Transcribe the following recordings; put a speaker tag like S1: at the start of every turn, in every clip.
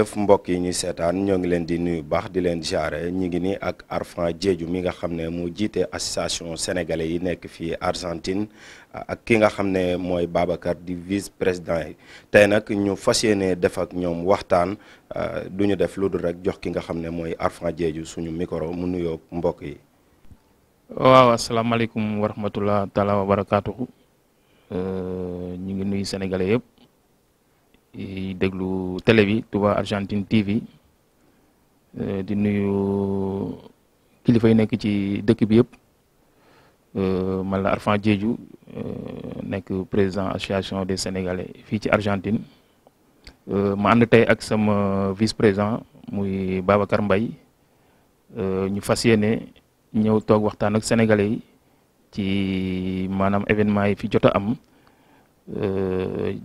S1: jëf mbokk yi ñu seetaan ñoo ngi leen di nuyu baax di leen jaare ñu ngi ni ak Arfan Diédhiou mi nga xam ne moo jiite association sénégalais yi nekk fii Argentine ak ki nga xam ne mooy Babacar di vise président yi tey nag ñu fas yéene def ak ñoom waxtaan euh, du ñu def lu dul rek jox ki nga xam ne mooy Arfan jeeju suñu micro mu nuyoo mbokk yi.
S2: waaw asalaamaaleykum wa rahmatulah taalaa wa barakaatu euh, ñu ngi nuyu sénégalais yëpp. di déglu télé bi Touba Argentine TV euh, di nuyu kilifa yi nekk ci dëkk bi yëpp euh, man la jeeju Diédhiou euh, nekk président association des sénégalais fii ci Argentine ma ànd tey ak sama vice président muy Babacar Mbaye ñu fas yéene ñëw toog waxtaan ak sénégalais yi ci maanaam événement yi fi jot a am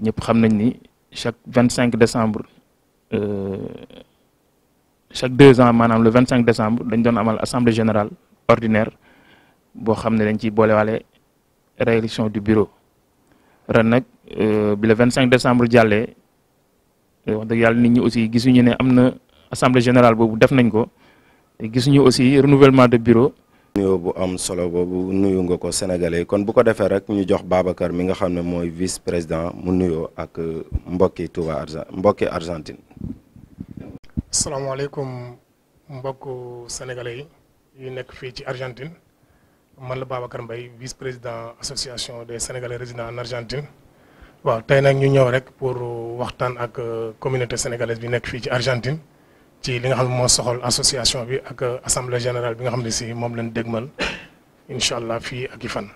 S2: ñëpp xam nañ ni. chaque vingt cinq décembre euh, chaque deux ans maanaam le vingt cinq décembre dañ doon amal assemblée générale ordinaire boo xam ne dañ ciy boolewaale réélection du bureau ren nag euh, bi le vingt cinq décembre jàllee euh, wax dëgg yàlla nit ñi aussi gisuñu ne am na assemblée générale boobu def nañ ko te gisuñu aussi renouvellement de bureau
S1: nuyoo bu am solo boobu nuyu nga ko sénégalais kon bu ko defee rek ñu jox Babacar mi nga xam ne mooy vice président mu nuyoo ak mbokki Touba Argent mbokki Argentine.
S3: salaamaaleykum mbokku sénégalais yi nekk fii ci Argentine man la Babacar Mbaye vice président association des sénégalais résident en Argentine waaw tey nag ñu ñëw rek pour waxtaan ak communauté sénégalaise bi nekk fii ci Argentine. ci li nga xam ne moo soxol association bi ak euh, assemblée général bi nga xam ne si moom lañ dégmal incha allah fii ak i fan.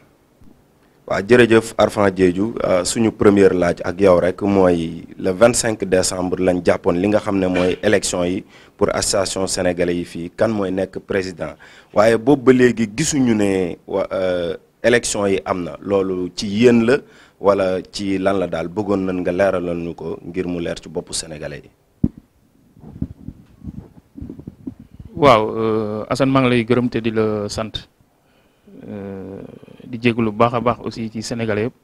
S1: waaw jërëjëf Arfan Diédhiou euh, suñu première laaj ak yow rek mooy le 25 décembre lañ jàppoon li nga xam ne mooy élection yi pour association sénégalais yi fii kan mooy nekk président waaye boobu ba léegi gisuñu ne wa euh, élection yi am na loolu ci yéen la wala ci lan la daal bëggoon nan nga leeralal ñu ko ngir mu leer ci boppu sénégalais yi.
S2: waaw euh, Assane maa ngi lay gërëm di la sant euh, di jégalu bu baax a baax aussi ci sénégalais yëpp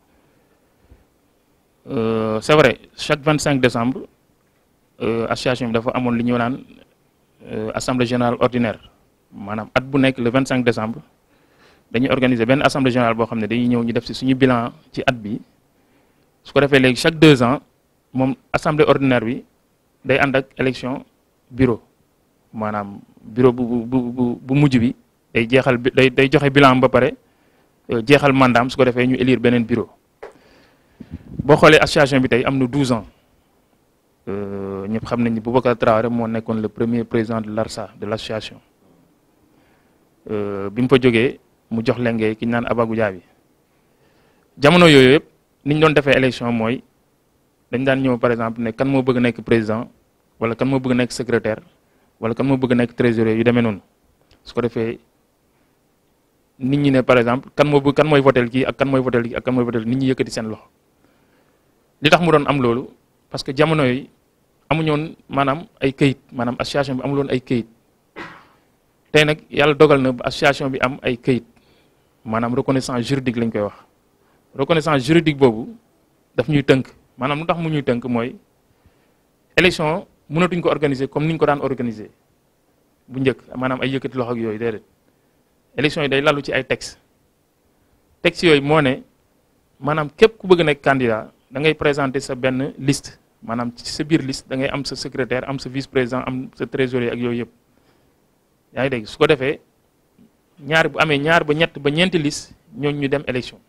S2: euh, c'est vrai chaque vingt cinq décembre association bi dafa amoon li ñu wanaan assemblée générale ordinaire maanaam at bu nekk le vingt cinq décembre dañuy organiser benn assemblée générale boo xam ne dañuy ñëw ñu def si suñu bilan ci at bi su ko defee léegi chaque deux ans moom assemblée ordinaire bi day ànd ak élection bureau maanaam bureau bu bu bu bu mujj bi day jeexal day joxe bilan ba pare euh, jeexal mandaam su ko defee ñu élire beneen bureau boo xoolee association bi tey am na 12 ans euh, ñëpp xam nañ ni Boubacar Traoré moo nekkoon le premier président de l'ARSA de l'association euh, bi mu fa jógee mu jox lenge ki ñu naan Abagou bi jamono yooyu yëpp ni ñu doon defee élection mooy dañ daan ñëw par exemple ne kan moo bëgg nekk président wala kan moo bëgg nekk secretaire wala kan moo bëgg nekk trésorier yu demee noonu su ko defee nit ñi ne par exemple kan moo bëgg kan mooy votel kii ak kan mooy votel kii ak kan mooy votel nit ñi yëkkati seen loxo li tax mu doon am loolu parce que jamono yi amuñoon maanaam ay këyit maanaam association bi am amuloon ay këyit tey nag yàlla dogal na ba association bi am ay këyit maanaam reconnaissance juridique lañ koy wax reconnaissance juridique boobu daf ñuy tënk maanaam lu tax mu ñuy tënk mooy élection mënatuñ ko organiser comme niñ ko daan organiser bu njëkk maanaam ay yëkkati loxo ak yooyu déedéet élection yi day lalu ci ay tex texte yooyu moo ne maanaam képp ku bëgg nekk candidat da ngay présenter sa benn liste maanaam ci sa biir liste da ngay am sa secrétaire am sa vice président am sa trésorier ak yooyu yëpp yaa ngi dégg su ko defee ñaar bu amee ñaar ba ñett ba ñeenti liste ñooñu ñu dem élection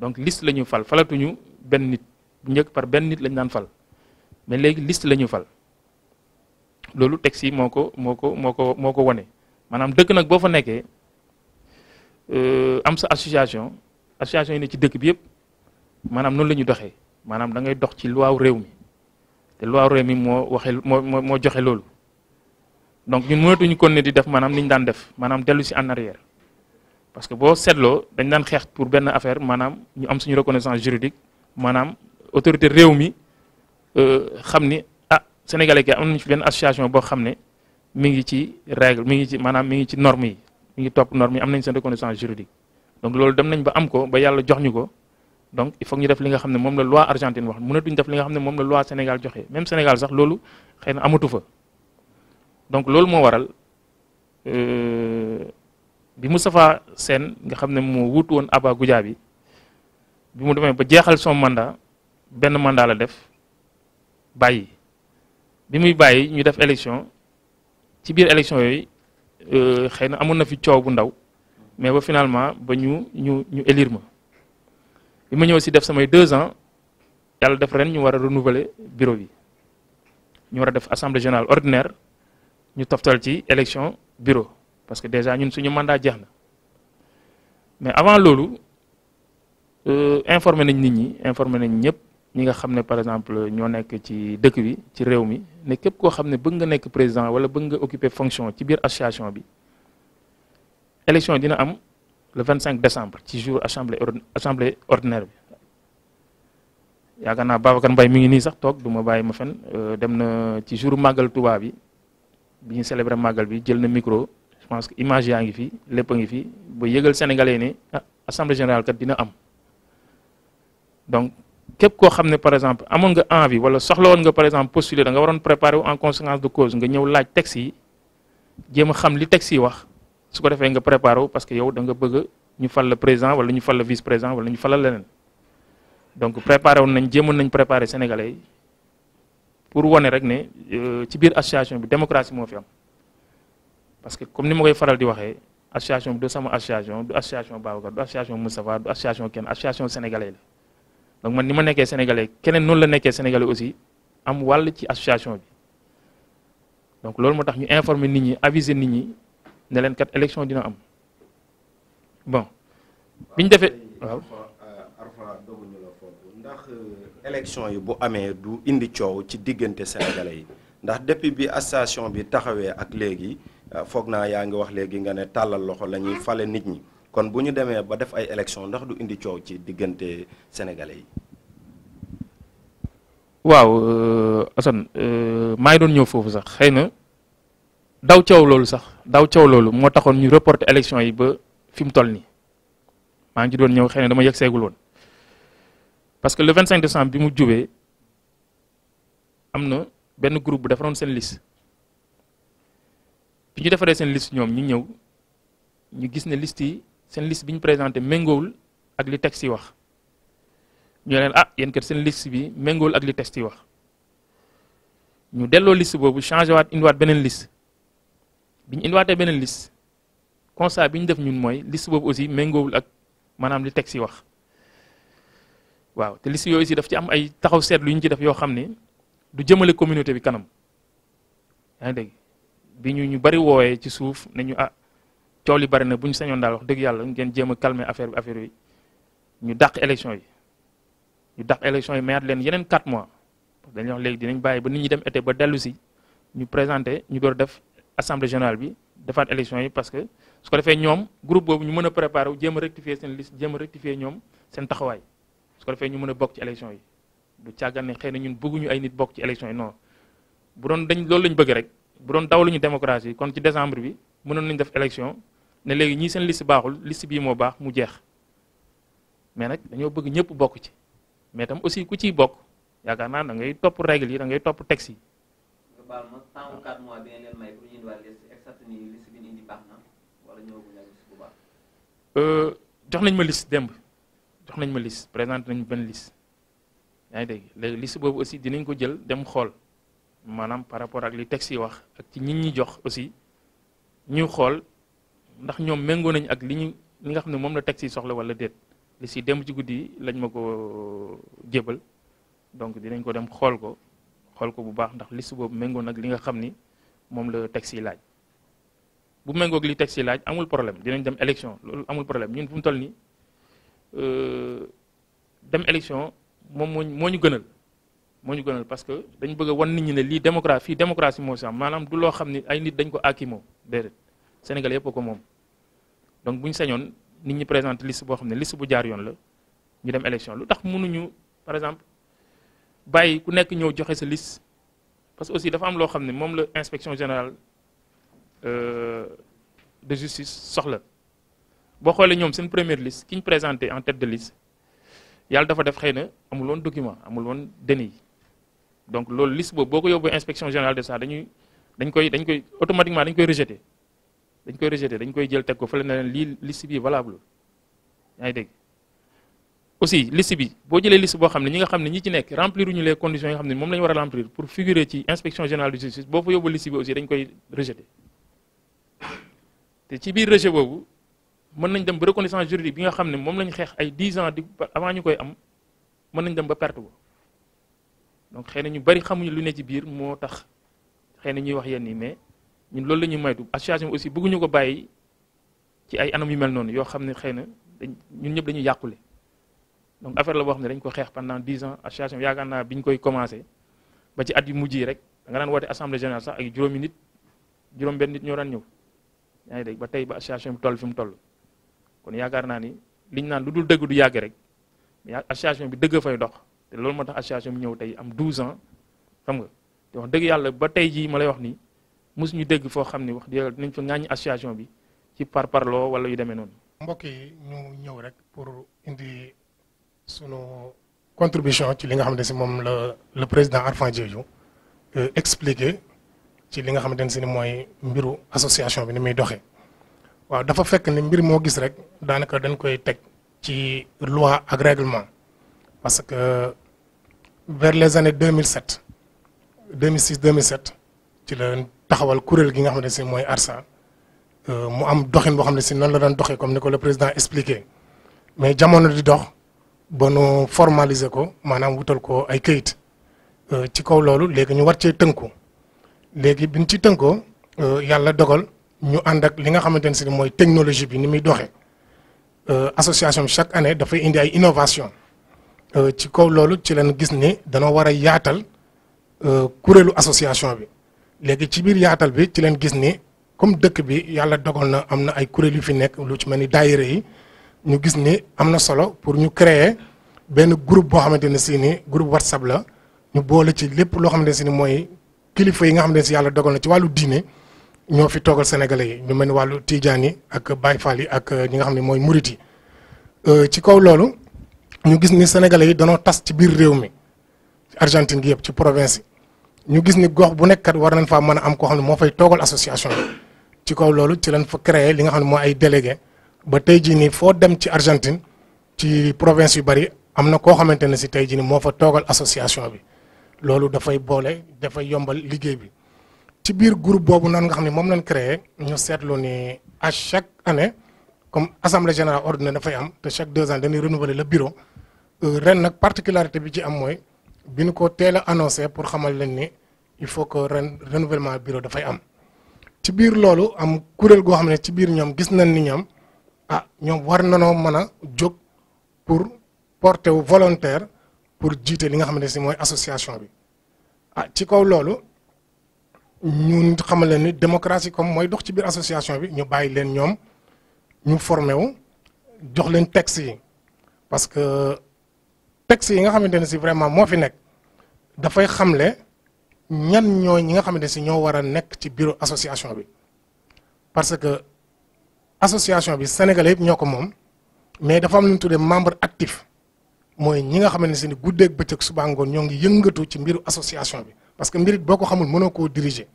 S2: donc liste la ñu fal falatuñu benn nit bu njëkk par benn nit lañ daan fal mais léegi liste la ñu fal loolu texte yi moo ko moo ko moo ko moo ko wane maanaam dëkk nag boo fa nekkee euh, am sa association association yi ne ci dëkk bi yëpp maanaam noonu la ñuy doxee maanaam da ngay dox ci loi réew mi te loi réew mi moo waxee moo moo joxe loolu donc ñun mënatuñu kon ne di def maanaam ni ñu daan def maanaam dellu si en arrière parce que boo seetloo dañ daan xeex pour benn affaire maanaam ñu am suñu reconnaissance juridique maanaam autorité réew mi euh, xam ni sénégalais gi am nañu fi benn association boo xam ne mi ngi ci règle mi ngi ci maanaam mi ngi ci norme yi mi ngi topp norme yi am nañ seen reconnaissance juridique donc loolu dem nañ ba am ko ba yàlla jox ñu ko donc il faut ñu def li nga xam ne moom la loi argentine wax mënatuñ def li nga xam ne moom la loi Sénégal joxe même Sénégal sax loolu xëy na amatu fa donc loolu moo waral euh, bi Moustapha seen nga xam ne moo wut woon Aba Goudiaby bi mu demee ba jeexal son mandat benn mandat la bi muy bàyyi ñu def élection ci biir élection yooyu euh, xëy na amoon na fi coow bu ndaw mais ba finalement ba ñu ñu ñu élire ma bi ma ñëw si def samay deux ans yàlla def ren ñu war a renouveler bureau bi ñu war def assemblée générale ordinaire ñu toftal ci élection bureau parce que déjà ñun suñu mandat jeex na mais avant loolu euh, informé nañ nit ñi informé nañ ñëpp. ñi nga xam ne par exemple ñoo nekk ci dëkk bi ci réew mi ne képp koo xam ne bëgg nga nekk président wala bëgg nga occuper fonction ci biir association bi élection dina am le cinq décembre ci jour assemblée ordinaire bi yaakaar naa Babacar mbay mi ngi nii sax toog duma ma bàyyi ma fen euh, dem na ci jour màggal Touba bi bi ñu célébrer màggal bi jël na micro je pense que image yaa ngi fi lépp a ngi fi ba yëgal sénégalais ne ah assemblée kat dina am donc. képp koo xam ne par exemple amoon nga envie wala soxla woon nga par exemple postuler da nga waroon préparer wu en conséquence de cause nga ñëw laaj texte yi jéem a xam li texte yi wax su ko defee nga préparer wu parce que yow da nga bëgg ñu fal la président wala ñu fal la vice président wala ñu fal la leneen donc préparer woon nañ jéemoon nañ préparer sénégalais pour wane rek ne euh, ci biir association bi démocratie moo fi am parce que comme ni ma koy faral di waxee association bi du sama association du association Babacar du association Moustapha du association donc man ni ma nekkee sénégalais keneen noonu la nekkee sénégalais aussi am wàll ci association bi donc loolu moo tax ñu informer nit ñi aviser nit ñi ne leen kat élection dina am bon. biñ
S1: defee waaw. Euh, yi bu amee du indi coow ci diggante sénégalais yi ndax depuis bi association bi taxawee ak léegi euh, foog naa yaa ngi wax léegi nga ne tàllal loxo la ñuy fale nit ñi. kon bu ñu demee ba def ay élection ndax du indi coow ci diggante sénégalais yi.
S2: waaw euh, Assane euh, maa ngi doon ñëw foofu sax xëy na daw coow loolu sax daw coow loolu moo taxoon ñu reporter élection yi ba fi mu toll nii maa ngi ci doon ñëw xëy na dama yegg seegul woon parce que le 25 décembre bi mu jubee am na benn groupe bu defaroon seen liste bi ñu defaree seen liste ñoom ñu ñëw ñu gis ne list yi seen liste bi ñu présenté méngoowul ak li texte yi wax ñu leen ah yéen seen liste bi méngoowul ak li texte yi wax ñu delloo liste boobu changé waat beneen liste bi ñu beneen liste constat bi ñu def ñun mooy liste boobu aussi méngoowul ak maanaam li texte yi wax waaw te liste yooyu si daf ci am ay taxaw seetlu yu ñu ci def yoo xam ne du jëmale communauté bi kanam yaa ngi dégg bi ñu ñu bari woowee ci suuf nañu ah. coow li bari na bu ñu sañoon daal wax dëgg yàlla ngeen jéem a calmer affaire bi affaire yi ñu dàq élection yi ñu dàq élection yi mayaat leen yeneen 4 mois parce que dañuy wax bàyyi ba nit ñi dem été ba dellu si ñu présenté ñu door def assemblée générale bi defaat élection yi parce que su defee ñoom groupe boobu ñu mën a préparé wu jéem a rectifier seen liste jéem a rectifier ñoom seen taxawaay su defee ñu mën a bokk ci élection yi du càggan xëy na ñun bëgguñu ay nit bokk ci élection yi non bu doon dañ loolu lañ bëgg rek bu doon daw lu ñu démocratie kon ci décembre bi mënoon nañ def élection ne léegi ñii seen liste baaxul liste bii moo baax mu jeex mais nag dañoo bëgg ñëpp bokk ci mais tam aussi ku ciy bokk yaakaar naa da ngay topp règle yi dangay topp texte yi.
S4: nga bi ngeen leen may pour na wala
S2: euh, jox nañ ma liste démb jox nañ ma liste présenté nañ benn liste yaa ngi dégg léegi liste boobu aussi dinañ ko jël dem xool maanaam par rapport ak li texte yi wax ak ci ñi ñi jox aussi ñuy xool. ndax ñoom méngoo nañ ak li ñu li nga xam ne moom la teg si soxla wala déet li si dem ci guddi lañ ma ko jébal donc dinañ ko dem xool ko xool ko bu baax ndax liste boobu méngoo nag li nga xam ni moom la teg si laaj bu méngoog li teg si laaj amul problème dinañ dem élection loolu amul problème ñun fu mu toll nii euh, dem élection moom moo moo ñu gënal moo ñu gënal parce que dañ bëgg wan nit ñi ne lii démocratie fii démocratie moo si maanaam du loo xam ni ay nit dañ ko àkki moom Sénégal yëpp ko moom donc bu ñu señoon nit ñi présenter liste boo xam ne liste bu jaar yoon la ñu dem élection lu tax mënuñu par exemple bàyyi ku nekk ñëw joxe sa liste parce que aussi dafa am loo xam ne moom la inspection générale euh, de justice soxla boo xoolee ñoom seen première liste ki ñu présenté en tête de liste yàlla dafa def xëy na amul woon document amul woon déni donc loolu liste boobu boo ko yóbbu inspection générale de ça dañuy dañ koy dañ koy automatiquement dañ koy rejeté dañ koy rejeté dañ koy jël teg ko fële na leen lii liste bi valable yaa ngi dégg aussi liste bi boo jëlee liste boo xam ne ñi nga xam ne ñi ci nekk remplir uñu les conditions yi nga xam ne moom la a remplir pour figurer ci inspection générale de justice boo fa yóbbu liste bi te ci biir rejet boobu mën nañ dem ba reconnaissance juridique bi nga xam ne moom la ñu xeex ay 10 ans di avant ñu koy am mën nañ dem ba perte ko donc xëy na ñu bari xamuñu lu ne ci biir moo tax xëy na ñuy wax yenn yi mais ñun loolu la ñuy moytu association aussi ñu ko bàyyi ci ay anam yu mel noonu yoo xam ne xëy na ñun ñëpp lañuy yàqule donc affaire la boo xam ne dañ ko xeex pendant dix ans association yaakaar naa koy commencé ba ci at yu mujj rek da nga woote assemblée générale sax ak juróomi nit juróom nit ñoo daan ñëw yaa ngi ba tey ba association bi toll fi mu toll kon yaakaar naa ni liñ naan lu dul dëgg du yàgg rek mais association bi dëgg fay dox te loolu moo tax association bi ñëw tey am douze ans xam nga te wax dëgg yàlla ba tey jii ma lay wax nii mosuñu dégg foo xam ne wax dëgg nañ fa ŋàññi association bi ci par parloo wala yu demee noonu.
S3: mbokk yi ñu ñëw rek pour indi sunu contribution ci li nga xam ne si moom la le président Arfan Diédhiou euh, expliqué ci li nga xam ne si mooy mbiru association bi ni muy doxee waaw dafa fekk ni mbir moo gis rek daanaka dañ koy teg ci loi ak parce que vers les années 2007 2006 2007 ci la. taxawal kuréel gi nga xam ne si mooy ARSA euh, mu am doxin boo xam ne si noonu la doon doxee comme ne ko le président expliqué mais jamono di dox ba nu formaliser ko maanaam wutal ko ay këyit euh, ci kaw loolu léegi ñu war cee tënku léegi bi ñu ci tënkoo euh, yàlla dogal ñu ànd ak li nga xamante ne si mooy technologie bi ni muy doxee association bi chaque année dafay indi ay innovation ci kaw loolu ci leen gis ni danoo war a yaatal kuréelu association bi. léegi ci biir yaatal bi ci leen gis ni comme dëkk bi yàlla dogal na am na ay kuréel yu fi nekk lu ci mel ni daayira yi ñu gis ni am na solo pour ñu créer benn groupe boo xamante ne si ni groupe whatsapp la ñu boole ci lépp loo xamante ne si ni mooy kilifa yi nga xamante ne si yàlla dogal na ci wàllu diine ñoo fi toogal sénégalais yi ñu mel ni wàllu tijaan yi ak baay faal yi ak ñi nga xam ne mooy murit yi euh, ci kaw loolu ñu gis ni sénégalais yi danoo tas ci biir réew mi Argentine yëpp ci province yi ñu gis ni gox bu nekk kat war nañ faa mën a am ko xam ne moo fay toogal association ci kaw loolu ci lan fa créer li nga xam ne moo ay délégué ba tey jii nii foo dem ci Argentine ci province yu bari am na koo xamante ne si tey jii nii moo fa toogal association bi loolu dafay boole dafay yombal liggéey bi ci biir groupe boobu nan nga xam ne moom lañ créer ñu seetlu ni a chaque année comme assemblée générale ordinaire dafay am te chaque deux ans dañuy renouveler le bureau euh, ren nag particularité bi ci am mooy bi nu ko teel a annoncé pour xamal leen ni il faut que ren renouvellement bureau dafay am ci biir loolu am kuréel goo xam ne ci biir ñoom gis nañ ni ñoom ah ñoom war nanoo mën a jóg pour porter wu volontaire pour jiite li nga xam ne si mooy association bi ah ci kaw loolu ñun xamal leen ni démocratie comme mooy dox ci biir association bi ñu bàyyi leen ñoom ñu formé wu jox leen texte yi parce que texte yi nga xamante ne si vraiment moo fi nekk dafay xamle ñan ñoo ñi nga xamante ne si ñoo war a nekk ci bureau association bi parce que association bi sénégalais ñoo ko moom mais dafa am lu ñu tuddee membre actif mooy ñi nga xamante ne si ni guddeeg bëccëg suba ngoon ñoo ngi yëngatu ci mbiru association bi parce que mbirit boo ko xamul mënoo koo diriger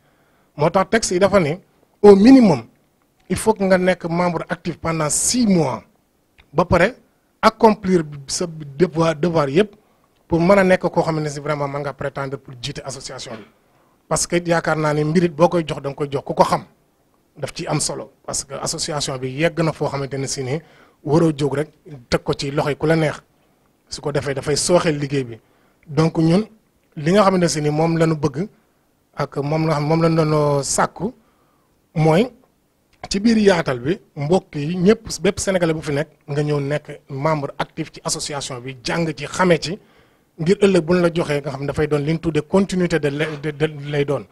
S3: moo tax texte yi dafa ne au minimum il faut nga nekk membre actif pendant six mois ba pare accomplir sa devoir devoir yëpp pour mën a nekk koo xam ne si vraiment mën nga prétendre pour jiite association bi parce que yaakaar naa ne mbirit boo koy jox danga nga koy jox ku ko xam daf ci am solo parce que association bi yegg na foo xamante ne si ne waroo jóg rek teg ko ci loxo yi ku la neex su ko defee dafay sooxeel liggéey bi donc ñun li nga xamante ne si ni moom lanu bëgg ak moom la moom la ñu doon sàkku mooy. ci biir yaatal bi mbokk yi ñëpp bépp sénégalais bu fi nekk nga ñëw nekk membre actif ci association bi jàng ci xamee ci ngir ëllëg buñ la joxee nga xam dafay doon li ñu tuddee continuité de lay doon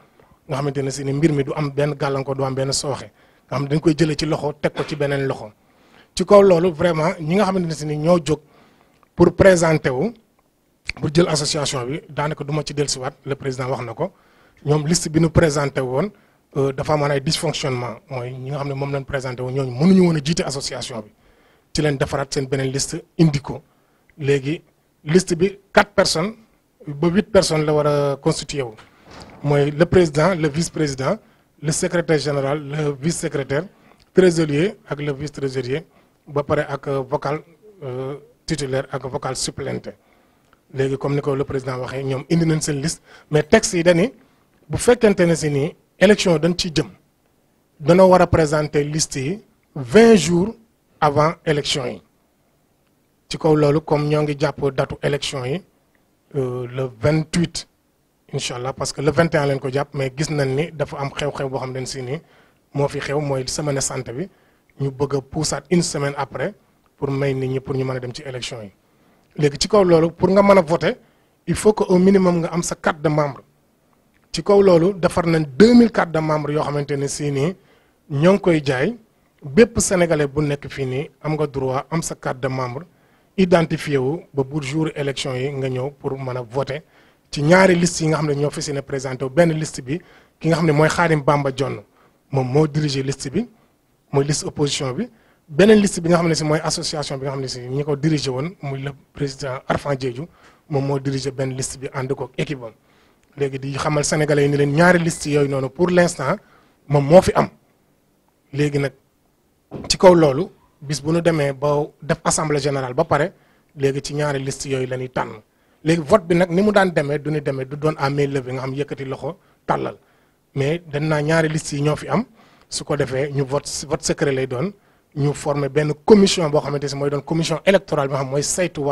S3: nga xamante ne si ni mbir mi du am benn gàllankoor du am benn sooxe nga xam dañ koy jëlee ci loxo teg ko ci beneen loxo ci kaw loolu vraiment ñi nga xamante ne si nii ñoo jóg pour présenter wu pour jël association bi daanaka du ma ci delsiwaat le président wax na ko ñoom liste bi ñu présenté woon. Euh, dafa amoon ay dysfonctionnement mooy ñi nga xam ne moom lañ présenté wu ñooñu mënuñu woon a jiite association bi ci leen defaraat seen beneen liste indi ko léegi liste bi quatre personnes ba huit personnes la war a constitué wu mooy le président le vice président le secrétaire général le vice secrétaire trésorier ak le vice trésorier ba pare ak euh, vocal euh, titulaire ak vocal suppléant léegi comme ni ko la président waxee ñoom indi nañ seen liste mais texte yi dañi bu fekkente ne si nii élection dañ ci jëm danoo war a présenter liste yi vingt jours avant élection yi ci kaw loolu comme ñoo ngi jàpp datu élection yi euh, le vingt huit incha allah parce que le vingt et un leen ko jàpp mais gis nañ ni dafa am xew-xew boo xam ne si nii moo fi xew mooy semaine santé bi ñu bëgg a poussaat une semaine après pour may nit ñi pour ñu mën a dem ci élection yi léegi ci kaw loolu pour nga mën a voter il faut que au minimum nga am sa carte de membre ci kaw loolu defar nañ 2000 cartes de membre yoo xamante ne sii nii ñoo ngi koy jaay bépp sénégalais bu nekk fii nii am nga droit am sa carte de membre identifié wu ba pour jour élection yi nga ñëw pour mën a voter ci ñaari liste yi nga xam ne ñoo fi si ne présenté wu benn list bi ki nga xam ne mooy Xaadim Bamba Jonn moom moo dirigé liste bi mooy liste opposition bi beneen liste bi nga xam ne si mooy association bi nga xam ne si ñi ko dirigé woon muy le président Arfan Diédhiou moom moo dirigé benn liste bi ànd ko équipe léegi di xamal sénégalais yi ni leen ñaari liste yooyu noonu pour l'instant moom moo fi am léegi nag ci kaw loolu bis bu nu demee ba def assemblée générale ba pare léegi ci ñaari liste yooyu la ñuy tànn léegi vote bi nag ni mu daan demee du ñu demee du doon à main nga xam yëkkati loxo tàllal mais dan naa ñaari liste yi ñoo fi am su ko defee ñu vote vote secret lay doon ñu former benn commission boo xamante si mooy doon commission électorale bi nga xam mooy saytu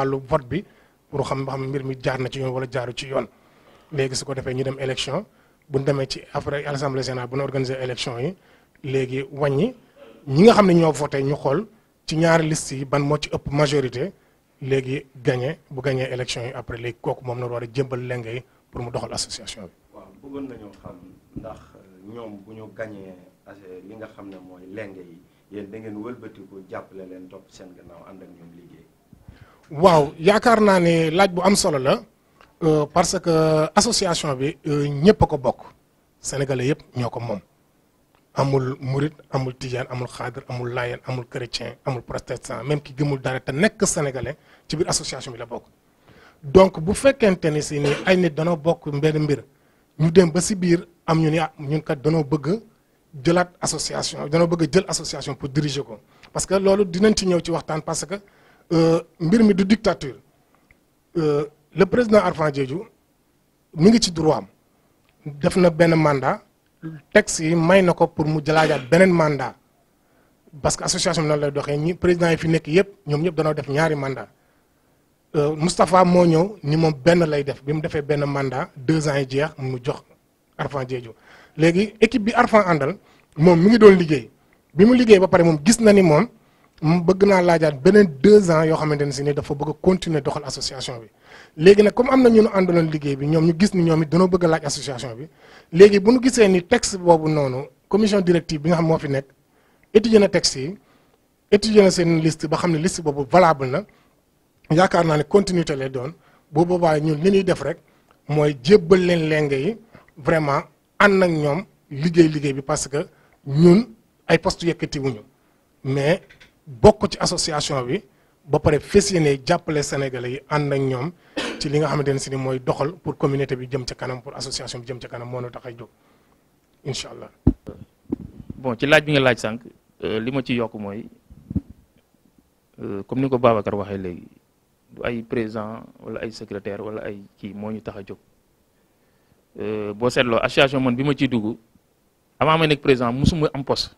S3: bi pour xam ba xam mbir mi jaar na ci yoon wala jaaru ci yoon léegi su ko defee ñu dem élection bu ñu demee ci après assemblée générale bu ñu organiser élection yi léegi wàññi ñi nga xam ne ñoo voté ñu xool ci ñaari list yi ban moo ci ëpp majorité léegi gagné bu gañee élection yi après léegi kooku moom na war a jëmbal lenge yi pour mu doxal association bi.
S1: waaw bëggoon nañoo xam ndax ñoom bu ñu gagné li nga xam ne mooy lenge yi yéen da ngeen wëlbatiku jàppale leen topp seen gannaaw ànd ak
S3: ñoom yaakaar naa ne laaj bu am solo la. Euh, parce que association bi euh, ñëpp a ko bokk sénégalais yëpp ñoo ko moom amul murit amul tijaan amul xaadir amul laayeen amul chrétien amul protestant même ki gëmul dara te nekk sénégalais ci biir association bi la bokk donc bu fekkente ni si ni ay nit danoo bokk mbenn mbir ñu dem ba si biir am ñu ni ah ñun kat danoo bëgg jëlaat association danoo bëgg jël association pour diriger ko parce que loolu dinañ ci ñëw ci waxtaan parce que euh, mbir mi du dictature le président Arfan jeeju mi ngi ci droit am def na benn mandat texte yi may na ko pour mu jëlaajaat beneen mandat parce que association bi nan lay doxee ñi président yi fi nekk yëpp ñoom ñëpp danoo def ñaari mandat euh, Moustapha moo ñëw ni moom benn lay def bi mu defee benn mandat deux ans yi jeex mu jox Arfan Diédhiou léegi équipe bi Arfan àndal moom mu ngi doon liggéey bi mu liggéey ba pare moom gis na ni moom bëgg naa laajaat beneen deux ans yoo xamante ne si ni dafa bëgg a continuer doxal association bi léegi nag comme am na ñu nu liggéey bi ñoom ñu gis ni ñoom it danoo bëgg laaj association bi léegi bu ñu gisee ni texte boobu noonu commission directive bi nga xam moo fi nekk étudier na texte yi étudier na seen liste ba xam ne liste boobu valable na yaakaar naa ne continuité lay doon bu boobaa ñun li ñuy def rek mooy jébbal leen lenge yi vraiment ànd ak ñoom liggéey liggéey bi parce que ñun ay poste yëkkatiwuñu mais bokk ci association bi ba pare fas yéene jàppale sénégalais yi ànd ak ñoom ci li nga xamante ne si mooy doxal pour communauté bi jëm ca kanam pour association bi jëm ca kanam moo na tax jóg allah.
S2: bon ci laaj bi nga laaj sànq euh, li ma ci yokk mooy euh, comme ni ko Babacar waxee léegi du ay président wala ay secrétaire wala ay kii moo ñu tax a jóg euh, boo seetloo association man bi ma ciy dugg avant ma nekk président musuma am poste.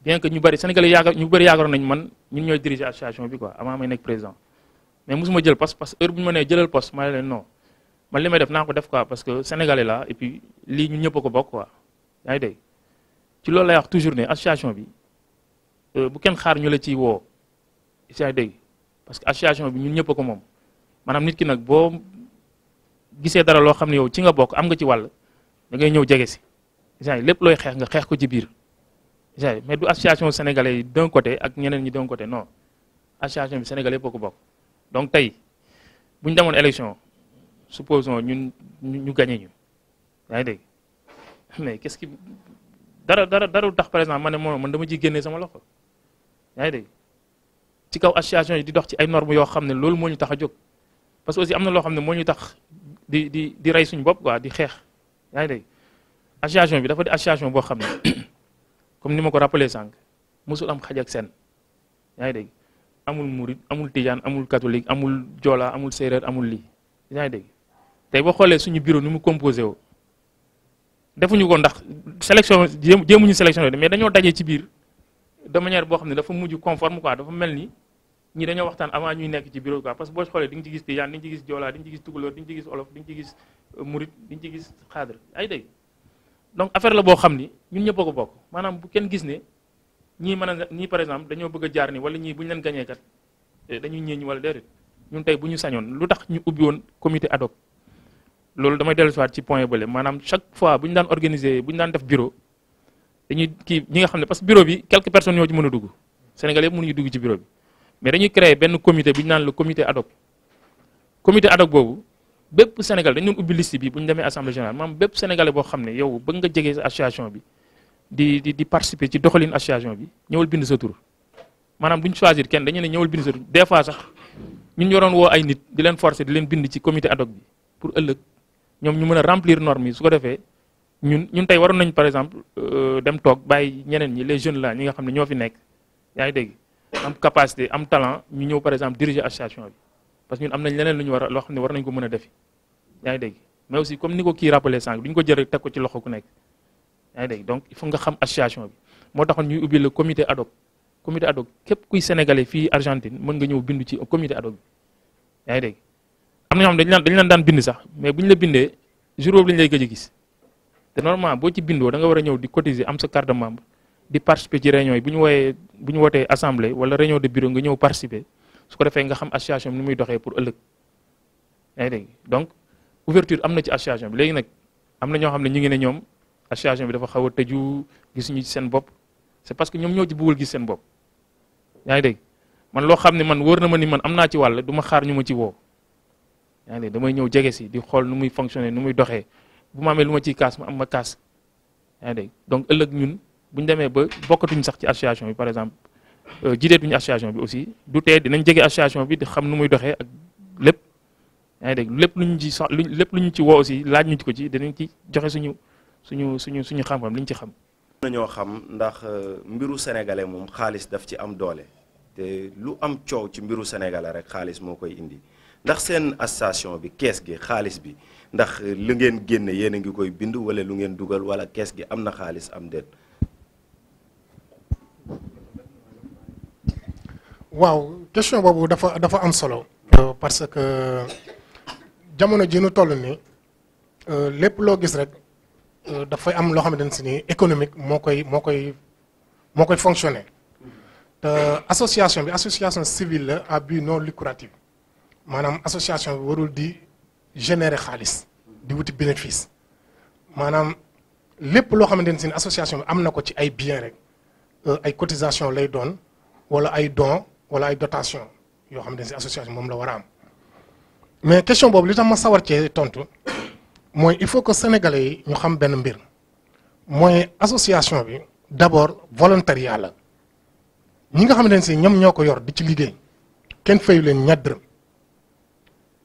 S2: bien que ñu bari sénégalais yaakaar ñu bëri yaakaaroon nañu man ñun ñooy diriger association bi quoi avant may nekk président mais mosuma jël poste parce que heure bu ñu ma nee jëlal poste ma li may def naa ko def quoi parce que sénégalais la et lii ñun ñëpp ko bokk quoi yaa ngi dégg ci loolu lay wax toujours ne association bi euh, bu kenn xaar ñu la ciy woo yaa ngi parce que association bi ñun ñëpp ko moom maanaam nit ki nag boo gisee dara loo xam ne yow ci nga bokk am nga ci wàll da ngay ñëw jege si lépp looy xeex nga xeex ko ci biir. GIE mais du association sénégalais yi d'un côté ak ñeneen ñi d'un côté non association bi sénégalais yëpp ko bokk donc tey bu damoon demoon élection supposons ñun ñu gagné ñu yaa ngi dégg mais qu'est-ce qui dara dara dara tax par exemple ma ne moom man dama ciy génnee sama loxo yaa ngi ci kaw association yi di dox ci ay normes yoo xam ne loolu moo ñu tax a jóg parce que aussi am na loo xam ne moo ñu tax di di di rey suñu bopp quoi di xeex yaa ngi association bi dafa di association boo xam comme ni ma ko rappalee sànq mosul am xaj ak seen yaa ngi dégg amul murit amul tijaan amul katolik amul joola amul séeréer amul lii yaa ngi dégg te boo xoolee suñu bureau ni mu composé woo defuñu ko ndax sélection jéemuñu sélection mais dañoo daje ci biir de boo xam ne dafa mujj conforme quoi dafa mel ni ñi dañoo waxtaan avant ñuy nekk ci bureau quoi parce que boo xoolee di nga ci gis tijaan di nga ci gis joola di nga ci gis tukulóor di nga ci gis ci gis euh, murit di donc affaire la boo xam ni ñun ñëpp a ko bokk maanaam bu kenn gis ne ñii man a ñii par exemple dañoo bëgg a jaar ni wala ñii bu ñu leen gañee kat eh, dañuy ñeeñ wala déedéet ñun tey bu ñu sañoon lu tax ñu ubbi woon comité ad hoc loolu damay dellusiwaat ci point bële maanaam chaque fois bu ñu daan organiser bu ñu daan def bureau dañuy kii ñi nga xam ne parce que bureau bi quelques personne ñoo ci mën a dugg Sénégalais yëpp dugg ci bureau bi mais benn comité bu naan le comité ad hoc comité boobu bépp Sénégal dañu doon ubbi liste bi bu ñu demee assemblée générale maanaam bépp sénégalais boo xam ne yow bëgg nga jege association bi di di di participer ci doxalin association bi ñëwal bind sa tur maanaam ñu choisir kenn dañu ne ñëwal bind sa tur des fois sax ñu ñoo woo ay nit di leen forcer di leen bind ci comité adog bi pour ëllëg ñoom ñu mën a remplir norme yi su ko defee ñun ñun tey waroon nañ par exemple euh, dem toog bàyyi ñeneen ñi les jeunes là ñi nga xam ne ñoo fi nekk yaa ngi dégg am am talent ñu ñëw par exemple diriger association bi. parce que ñun am nañ leneen lu ñu war a loo xam ne war nañ ko mën a defi yaa ngi dégg mais aussi comme ni ko kii rappelé sànq duñ ko jël rek teg ko ci loxo ku nekk yaa dégg donc il faut nga xam association bi moo taxoon ñuy ubbi le comité ad hoc comité képp kuy sénégalais fii Argentine mën nga ñëw bindu ci comité ad hoc bi dégg am na ñoo xam dañ leen dañ daan bind sax mais bu ñu la bindee jour boobu lañ lay gëj a gis te normalement boo ci bindoo da nga war a ñëw di cotiser am sa carte de membre ci réunion yi bu ñu wooyee bu ñu wootee assemblée wala réunion de bureau nga ñëw participer su ko defee nga xam association bi ni muy doxee pour ëllëg yaa ngi donc ouverture am na ci association bi léegi nag am na ñoo xam ne ñu ngi ne ñoom association bi dafa xaw a tëju gisuñu ci seen bopp c'est parce que ñoom ñoo ci bëggul gis seen bopp yaa ngi dégg man loo xam ne man wóor na ma ni man am naa ci wàll du ma xaar ñu ma ci woo yaa ngi damay ñëw jege si di xool nu muy fonctionner nu muy doxee bu ma amee lu ma ciy kaas ma am ma kaas yaa ngi donc ëllëg ñun bu ñu demee ba bokkatuñ sax ci association bi par exemple Euh, jiiteetuñu association bi aussi du tee dinañ jege association bi di xam nu muy doxee ak lépp lépp luñ ci sax luñ lépp luñ ci woo aussi laaj ñu ci ko ci danañ ci joxe suñu suñu suñu suñu xam-xam liñ ci xam.
S1: nañoo xam ndax euh, mbiru sénégalais moom xaalis daf ci am doole te lu am coow ci mbiru sénégalais rek xaalis moo koy indi ndax seen association bi kees gi xaalis bi ndax euh, lu ngeen génne yéen a ngi koy bind wala lu ngeen dugal wala kees gi am na xaalis am déet.
S3: waaw question boobu dafa dafa am solo. Euh, parce que jamono ji nu toll nii euh, lépp loo gis rek euh, dafay am loo xamante ne si ni économique moo koy moo koy moo koy fonctionner association bi association civile la à but non lucratif maanaam association bi warul di générer xaalis di wuti bénéfice maanaam lépp loo xamante ne si ni association bi am na ko ci ay biens rek ay cotisation lay doon wala ay dons. wala ay dotation yoo xam ne si association moom la war a am mais question boobu li tax ma sawar cee tontu mooy il faut que sénégalais yi ñu xam benn mbir mooy association bi d'abord volontariat la ñi nga xam ne si ñoom ñoo ko yor di ci liggéey kenn fayu leen ñaar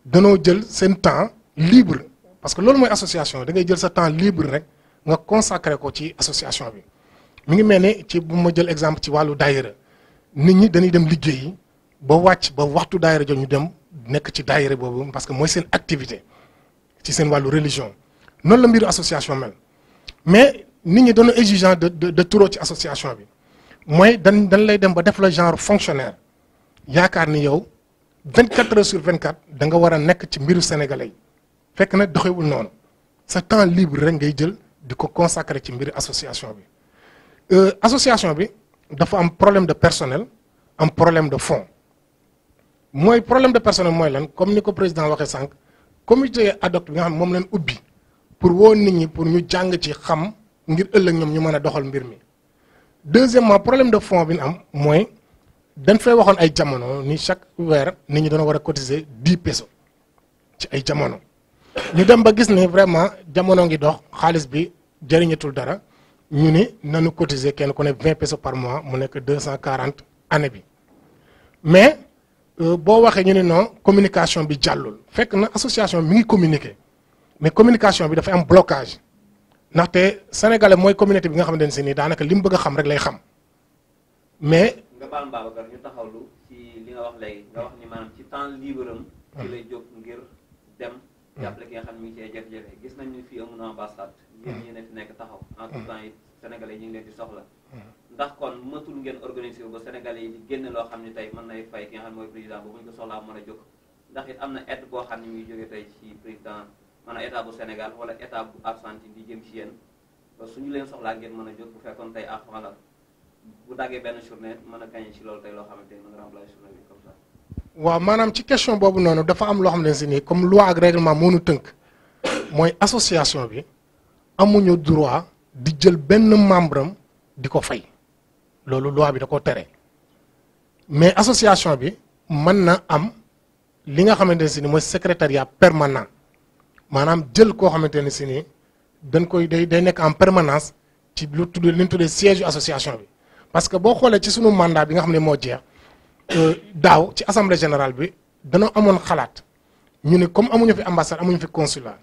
S3: danoo jël seen temps libre parce que loolu mooy association da ngay jël sa temps libre rek nga consacré ko ci association bi mu ngi mel ne ci bu ma jël exemple ci wàllu daayira nit ñi dañuy dem liggéey ba wàcc ba waxtu daayira jo ñu dem nekk ci daayira boobu parce que mooy seen activité ci seen wàllu religion noonu la mbiru association mel mais nit ñi dañu exigeant de de trop ci association bi mooy dan dañ lay dem ba def la genre fonctionnaire yaakaar ni yow 24 heures sur 24 da nga war a nekk ci mbiru sénégalais fekk na doxewul noonu sa temps libre rek ngay jël di ko consacrer ci mbiru association bi euh, association bi. dafa am problème de personnel am problème de fonds mooy problème de personnel mooy lan comme ni ko président waxee sànq comité adopt hoc bi nga xam moom leen ubbi pour woo nit ñi pour ñu jàng ci xam ngir ëllëg ñoom ñu mën a doxal mbir mi. deuxièmement problème de fonds bi ñu am mooy dan fay waxoon ay jamono ni chaque weer nit ñi dana war a cotiser dix pesos ci ay jamono ñu dem ba gis ni vraiment jamono ngi dox xaalis bi jëriñatul dara. ñu ni nanu cotiser kenn ku ne vingt pesos par mois mu nekk deux cent quarante année bi mais euh, boo waxee ñu ne non communication bi jàllul fekk na association mi ngi communiquer mais communication bi dafa am blocage ndaxte sénégalais mooy communauté bi nga xamante ne si nii daanaka li mu bëgg xam rek lay xam mais.
S4: nga baal Babacar ñu taxawlu ci li nga wax léegi nga wax ni maanaam ci temps libre ci lay jóg ngir dem. Mm-hmm. jàppale ki nga xam ne ci ay jafe-jafe gis nañ ni fii amul ambassade mm-hmm. yéen ne fi nekk taxaw en tout mm-hmm. temps it sénégalais ñu ngi leen di soxla ndax kon matul ngeen organisé ba sénégalais yi di génn loo xam ne tey mën nay fay ki nga xam ne mooy président ba bu ñu ko soxlaa mën a jóg ndax it am na aide boo xam ne mi ngi jógee tey ci président maanaam état bu Sénégal wala état bu Argentine di jëm ci yéen ba ñu leen soxlaa ngeen mën a jóg bu fekkoon tey ah wala bu daggee benn journée mën a gañe ci loolu tey loo xamante ni mën a remplacé
S3: waaw maanaam ci question boobu noonu dafa am loo xam ne si nii comme loi ak règlement moo nu tënk mooy association bi amuñu droit di jël benn membre am di ko fay loolu loi bi da ko tere mais association bi mën na am li nga xamante ne si ni mooy secrétariat permanent maanaam jël koo xamante ne si nii dañ koy day day nekk en permanence ci lu tudd li ñu tuddee siège association bi parce que boo xoolee ci sunu mandat bi nga xam ne moo jeex. Euh, daaw ci assemblée général bi danoo amoon xalaat ñu ne comme amuñu fi ambassade amuñu fi consulat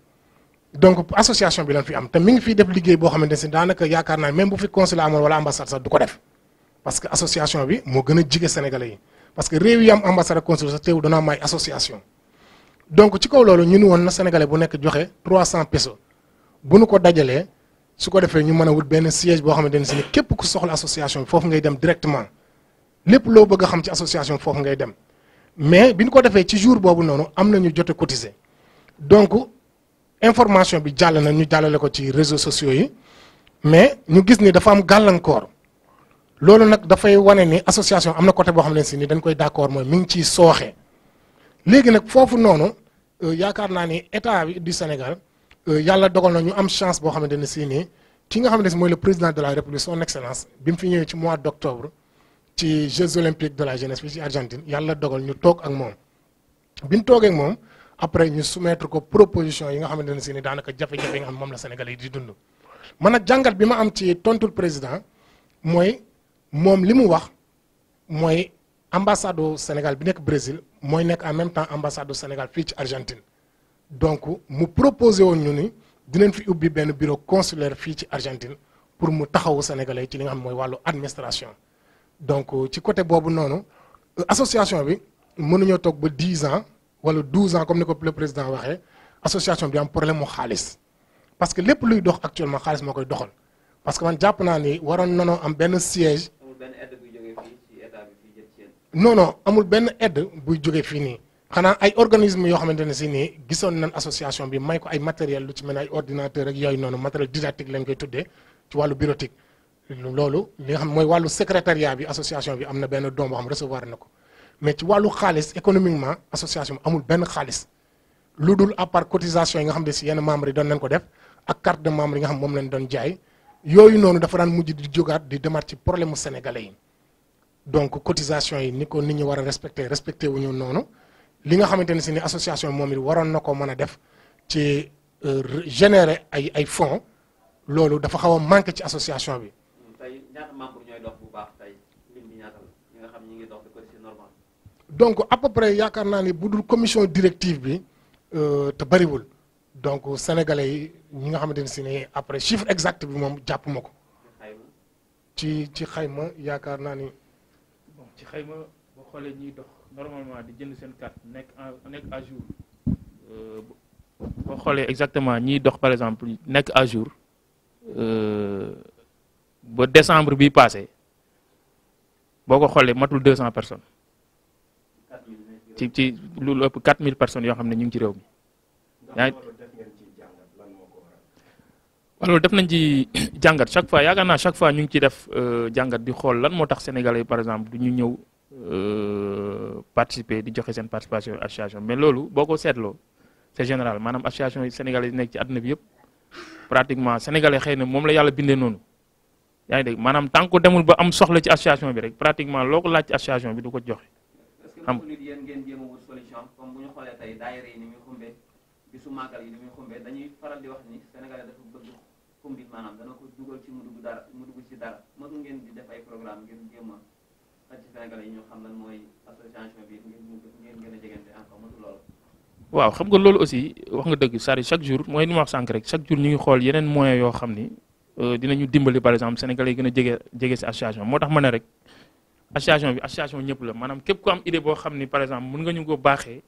S3: donc association bi lañ fi am te mi ngi fiy def liggéey boo xamante ne daanaka yaakaar naa même bu fi consulat amoon wala ambassade sax du ko def parce que association bi moo gën a jige sénégalais yi parce que réew yi am ambassade ak consulat sax teewul danoo am association donc ci kaw loolu ñu ni woon na sénégalais bu nekk joxe trois 300 pesos bu nu ko dajalee su ko defee ñu mën a benn siège boo xamante ne si képp ku soxla association foofu ngay dem directement. lépp loo bëgg a xam ci association foofu ngay dem mais bi ñu ko defee ci jour boobu noonu am na ñu jot a cotiser donc information bi jàll na ñu jàllale ko ci réseau sociaux yi mais ñu gis ni dafa am gàllankoor loolu nag dafay wane ni association am na côté boo xam ne si ni dañ koy d'accord mooy mi ngi ciy sooxe léegi nag foofu noonu euh, yaakaar naa ni état bi du Sénégal euh, yàlla dogal na ñu am chance boo xamante ne si nii ki nga xamante ne si mooy le la république son excellence bi mu fi ñëwee ci mois d'octobre. ci Jeux olympiques de la jeunesse bi ci Argentine yàlla dogal ñu toog ak moom bi ñu toogee moom après ñu soumettre ko proposition yi nga xamante ne si ni daanaka jafe-jafe yi nga xam moom la Sénégalais yi di dundu man a jàngat bi ma am ci tontul président mooy moom li mu wax mooy ambassade Sénégal bi nekk Brésil mooy nekk en même temps ambassade du Sénégal fii ci Argentine donc mu proposé woon ñu ni dinañ fi ubbi benn bureau consulaire fii ci Argentine pour mu taxawu sénégalais ci li nga xam mooy wàllu administration. donc euh, ci côté boobu noonu association bi mënuñoo toog ba 10 ans wala 12 ans comme ni ko le président waxee association bi am problème mu xaalis parce que lépp luy dox actuellement xaalis moo koy doxal parce que man jàpp naa ni waroon nanoo am benn siège.
S4: amul benn
S3: aide amul benn aide buy jógee fii nii xanaa ay organisme yoo xamante ne si nii gisoon nañ association bi may ko ay matériel lu ci mel ne ay ordinateur ak yooyu noonu matériel didactique lañ koy tuddee ci wàllu loolu li nga xam mooy wàllu secrétariat bi association bi am na benn doom boo xam recevoir na ko mais ci wàllu xaalis économiquement association bi amul benn xaalis lu dul à part cotisation yi nga xam ne si yenn membres yi doon nañ ko def ak carte de membre yi nga xam moom lañ doon jaay yooyu noonu dafa daan mujj di jógaat di demaat ci problème mu sénégalais yi donc cotisation yi ni ko nit ñi war a respecté respecté wu ñu noonu li nga xamante ne si ni association bi moom it waroon na ko mën a def ci euh, générer ay ay fonds loolu dafa xaw a manqué ci association bi.
S4: ñaata membre ñooy dox bu baax tey lim bi ñaata ñi nga xam ñi ngi
S3: yaakaar naa ni bu dul directive bi euh, te bëriwul donc sénégalais yi ñi nga xamante ne si après chiffre exact bi moom jàpp ma ko. ci ci xayma yaakaar naa ni.
S2: bon ci xayma boo xoolee ñi dox normalement di jënd seen carte nekk en nekk à jour. Euh, boo xoolee exactement ñiy dox par exemple nekk à jour. Euh, bo décembre bi passé boo ko xoolee matul deux cent personnes ci ci lu ëpp quatre mille personnes yoo xam ne ñu ngi ci réew mi yaa ngi def nañ ci jàngat chaque fois yaakaar naa chaque fois ñu ngi ci def euh, jàngat di xool lan moo tax sénégalais yi par exemple du ñu ñëw euh, participer di joxe seen participation association mais loolu boo ko seetloo c'est général maanaam association sénégalais yi nekk ci àdduna bi yëpp pratiquement sénégalais xëy na moom la yàlla bindee noonu yaa ngi dégg maanaam tant ko demul ba am soxla ci association bi rek pratiquement loo ko laaj ci association bi du ko joxe.
S4: xam nga yéen ngeen jéem a wut solution comme bu ñu xoolee tey daayira yi ni muy xumbee dañuy faral di wax ni Sénégalais dafa bëgg xumbi maanaam dana ko dugal ci mu dugg dara mu ngeen di def ay programme ngeen jéem a xaj ci xam
S2: ngeen gën a jegante encore mosu nga loolu aussi wax nga dëgg c'est-à-dire chaque jour mooy ni ma wax sànq rek chaque jour ñu ngi xool yeneen moyens yoo xam ni Euh, dinañu dimbali par exemple sénégalais yi gën a jege jege si association moo tax ma ne rek association bi association ñëpp la maanaam képp ku am idée boo xam ni par exemple mën nga ñu ko baaxee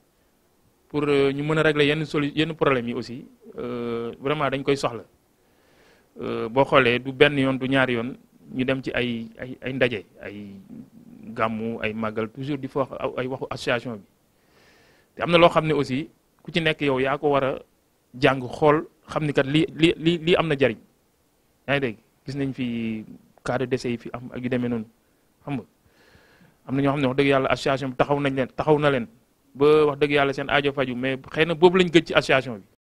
S2: pour euh, ñu mën a régler yenn solu yenn problème yi aussi euh, vraiment dañ koy soxla boo xoolee du benn yoon du ñaari yoon ñu dem ci ay ay ay ndaje ay gàmmu ay màggal toujours di fa ay waxu association bi te am na loo xam ne aussi ku ci nekk yow yaa ko war a jàng xool xam ni kat li li li lii am na jariñ yaa ngi dégg gis nañ fi cas de yi fi am ak yu demee noonu xam nga am na ñoo xam ne wax dëgg yàlla association bi taxaw nañ leen taxaw na leen ba wax dëgg yàlla seen ajo faju mais xëy na boobu lañ gëj ci association bi